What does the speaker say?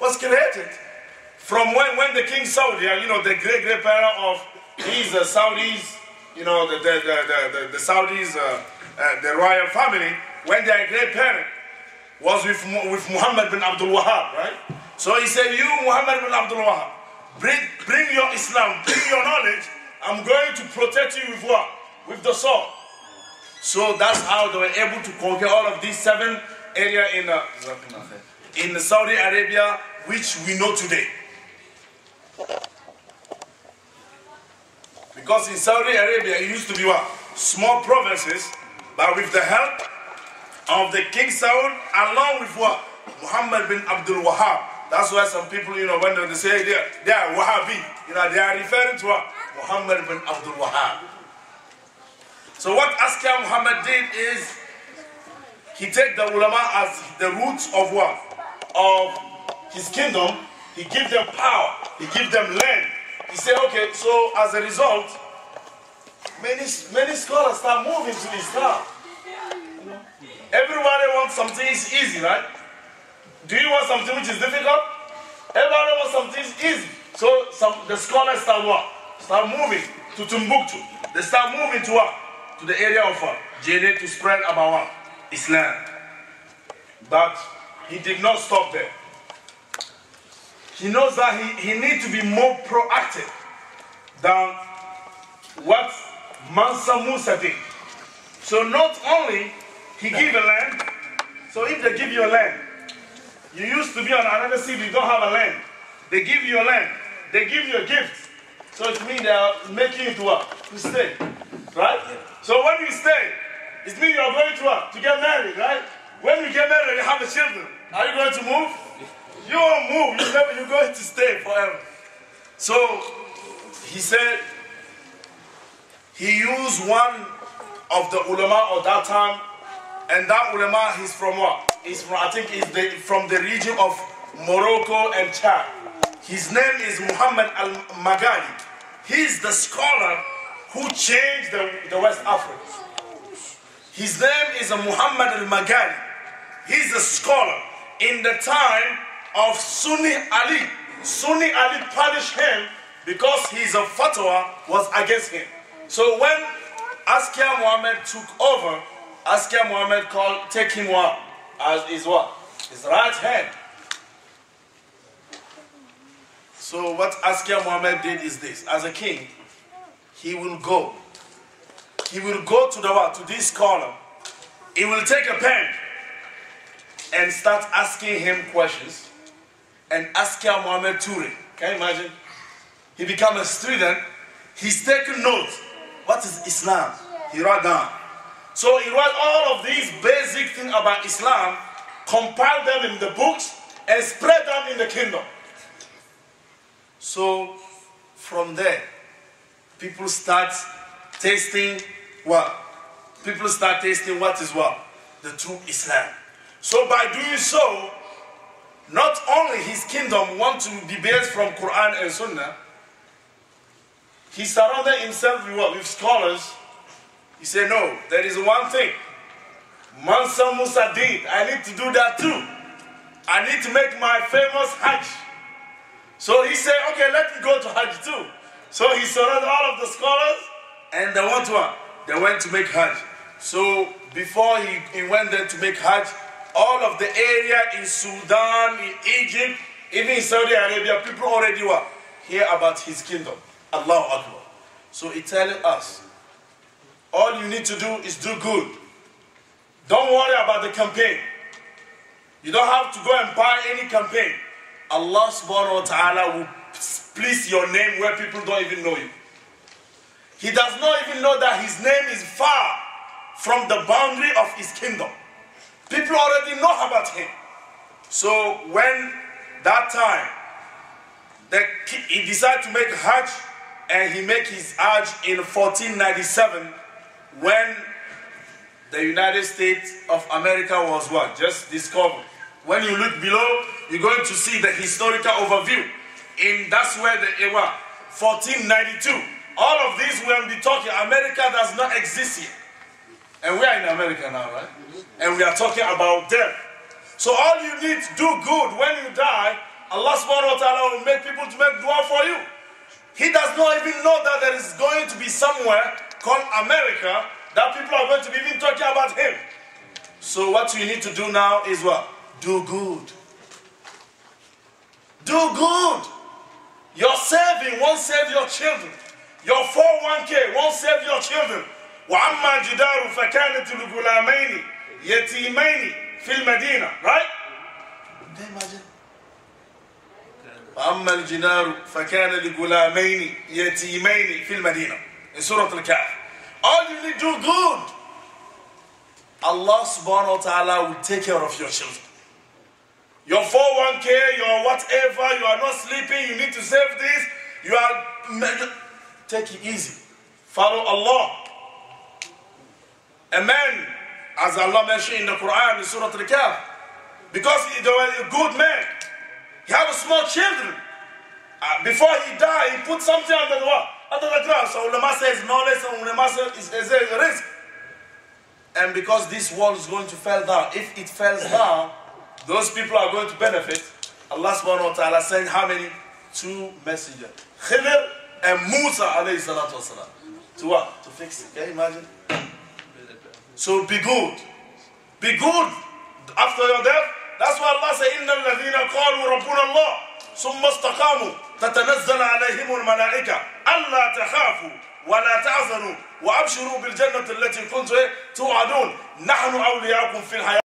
was created from when, when the King Saudi, you know, the great great parent of his uh, Saudis, you know, the, the, the, the, the Saudis, uh, uh, the royal family, when their great parent was with, with Muhammad bin Abdul Wahab, right? So he said, You, Muhammad bin Abdul Wahab, bring, bring your Islam, bring your knowledge. I'm going to protect you with what? With the sword. So that's how they were able to conquer all of these seven areas in. Uh, in Saudi Arabia, which we know today. Because in Saudi Arabia, it used to be what? Small provinces, but with the help of the King Saud, along with what? Muhammad bin Abdul Wahab. That's why some people, you know, when they say they are, they are Wahhabi, you know, they are referring to what? Muhammad bin Abdul Wahab. So what Askar Muhammad did is, he take the ulama as the roots of what? of his kingdom, he gives them power, he gives them land. He said, okay, so as a result, many, many scholars start moving to this town. Everybody wants something is easy, right? Do you want something which is difficult? Everybody wants something easy. So some, the scholars start what? Start moving to Timbuktu. They start moving to what? To the area of uh, to spread about what? Islam. But he did not stop there. He knows that he, he needs to be more proactive than what Mansa Musa did. So not only he give a land, so if they give you a land, you used to be on another city, you don't have a land. They give you a land, they give you a gift. So it means they are making you to what? To stay. Right? Yeah. So when you stay, it means you are going to what? To get married, right? When you get married, you have a children. Are you going to move? You won't move. You're, never, you're going to stay forever. So he said he used one of the ulama of that time, and that ulama is from what? He's from I think he's the, from the region of Morocco and Chad. His name is Muhammad Al Magali. He's the scholar who changed the, the West Africa. His name is Muhammad Al Magali. He's a scholar in the time of Sunni Ali. Sunni Ali punished him because his fatwa was against him. So when Askia Muhammad took over, Askia Muhammad called taking one as his what? His right hand. So what Askia Muhammad did is this: as a king, he will go. He will go to the what? To this column. He will take a pen and start asking him questions and asking Muhammad Turi. Can you imagine? He become a student. He's taking notes. What is Islam? He wrote down. So he wrote all of these basic things about Islam, compiled them in the books, and spread them in the kingdom. So from there, people start tasting what? People start tasting what is what? The true Islam. So by doing so, not only his kingdom want to be based from Quran and Sunnah, he surrounded himself with, what, with scholars. He said, no, there is one thing. Mansa Musa did. I need to do that too. I need to make my famous Hajj. So he said, okay, let me go to Hajj too. So he surrounded all of the scholars and they went to one. They went to make Hajj. So before he, he went there to make Hajj, all of the area in Sudan, in Egypt, even in Saudi Arabia, people already were hear about his kingdom. Allahu Akbar. So he telling us, all you need to do is do good. Don't worry about the campaign. You don't have to go and buy any campaign. Allah subhanahu wa ta'ala will place your name where people don't even know you. He does not even know that his name is far from the boundary of his kingdom. People already know about him. So when that time the, he decided to make Hajj, and he made his Hajj in 1497 when the United States of America was what? Just discovered. When you look below, you're going to see the historical overview. And that's where they eh, were. 1492. All of these we will be talking. America does not exist here. And we are in America now, right? And we are talking about death. So all you need to do good when you die, Allah subhanahu wa ta'ala will make people to make dua for you. He does not even know that there is going to be somewhere called America that people are going to be even talking about him. So what you need to do now is what? Do good. Do good. Your saving won't save your children. Your 401k won't save your children. وأما جدار فكانت الغلامين يتيمين في المدينة right imagine وأما الجدار فكان لغلامين يتيمين في المدينة in سورة الكهف only do good Allah subhanahu wa ta'ala will take care of your children your 401k, your whatever, you are not sleeping, you need to save this, you are, take it easy. Follow Allah a man, as Allah mentioned in the Quran, in Surah Al-Kahf, because he was a good man, he had small children. Uh, before he died, he put something under the, what? Under the ground. So ulama says knowledge and ulama says is a risk. And because this wall is going to fall down, if it falls down, those people are going to benefit. Allah subhanahu wa ta'ala sent how many? Two messengers. Khidr and Musa alayhi salatu wasalam. To what? To fix it. Can you imagine? So be good. Be good after your death. That's why Allah says, إِنَّ الَّذِينَ قَالُوا رَبُّنَا اللَّهِ ثُمَّ اسْتَقَامُوا تَتَنَزَّلَ عَلَيْهِمُ الْمَلَائِكَةِ أَلَّا تَخَافُوا ولا تَعْزَنُوا وأبشروا بالجنة التي كنتم توعدون نحن أولياؤكم في الحياة